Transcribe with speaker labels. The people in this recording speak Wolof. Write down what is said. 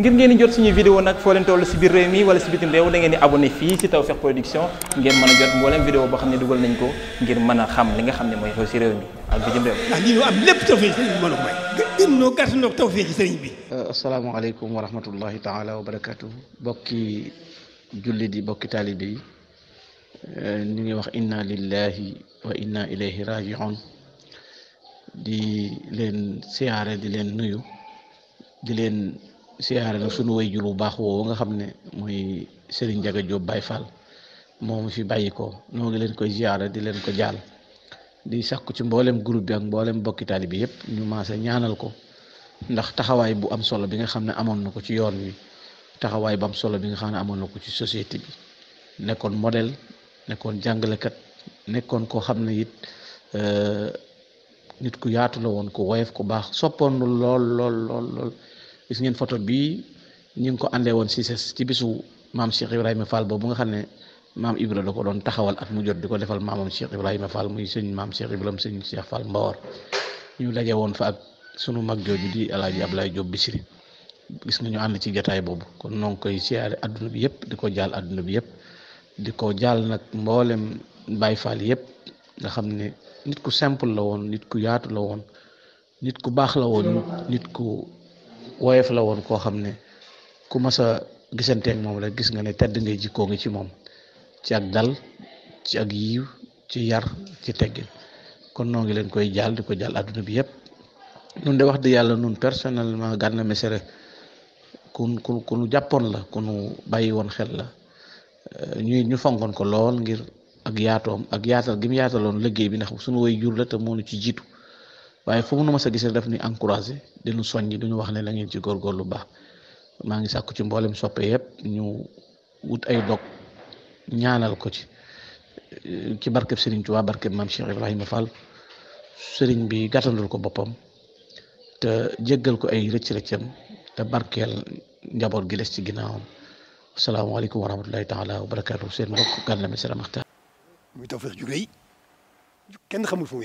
Speaker 1: ngir ngeen di jot suñu vidéo nag foo leen toll si biir réew mi wala si bitim réew da ngeen di abonné fii si Tawfekh Production ngeen mën a jot mboolem vidéo boo xam ne dugal nañ ko ngir mën a xam li nga xam ne mooy xew si réew mi ak bi mën
Speaker 2: a may. gën noo gàtt noo tawfeex sëriñ bi. Euh, asalaamaaleykum wa rahmatullahi taala wa barakaatu bokki jullit yi euh, ngi wax inna lillahi wa inna ilayhi rajiun di leen siyaare di leen nuyu di leen siyaare nag sunu way jur bu baax woowu nga xam ne mooy Serigne Jaga Diop Baye Fall moom fi bàyyi ko noo ngi leen koy siyaare di leen ko jaal di sax ko ci mboolem group bi ak mboolem bokki taalibe bi yëpp ñu maase ñaanal ko ndax taxawaay bu am solo bi nga xam ne amoon na ko ci yoon wi taxawaay bu am solo bi nga xam ne amoon na ko ci société nekkoon model nekkoon jàngalekat nekkoon koo xam ne it euh, nit ku yaatu la woon ku woyof ku baax soppoon lool lool lool lool. gis ngeen photo bii ñu ngi ko àndee woon si ses ci bisu maam Cheikh Ibrahima Fall boobu nga xam ne maam Ibra la ko doon taxawal at mu jot di ko defal maamam Cheikh Ibrahima Fall muy sëñ maam Cheikh Ibrahima sëñ Cheikh Fall Mbawar ñu daje woon fa ak sunu mag jooju di El Hadj Abdoulaye Diop Bichri gis nga ñu ànd ci jataay boobu kon noo koy siyaare adduna bi yëpp di ko jaal àdduna bi yëpp di ko jaal nag mboolem Baay Faal yëpp nga xam ne nit ku simple la woon nit ku yaatu la woon nit ku baax la woon nit ku. woyof la woon koo xam ne ku mësa a gisanteeg moom rek gis nga ne tedd ngay jikkoo ngi ci moom ci ak dal ci ak yiw ci yar ci teggin kon noo ngi leen koy jaal di ko jaal àdduna bi yëpp nun de wax di yàlla nun personnellement Gana Messere kun ku nu jàppoon la ku nu bàyyi woon xel la euh, ñuy ñu fonkoon ko lool ngir ak yaatoom ak yaatal gi mu yaataloon liggéey bi ndax suñu woy jur la te moo nu ci jiitu waaye fu mu nu ma sa gisee daf ni encouragé di nu soññi du wax ne la ngeen ci lu baax maa ngi sàkku ci mbooleem soppe yëpp ñu wut ay dog ñaanal ko ci eh, ci barkeb ci waa barkeb maam Cheikh Ibrahima fal sëriñ bi gàttandul ko boppam te jéggal ko ay rëcc-rëccam te barkeel njaboot gi des ci ginnaawam asalaamaaleykum wa rahmatulahi taala wa barakaatu seen mbokk Gana Messere Maxtaar
Speaker 1: muy tawfeex ju kenn xamul fu mu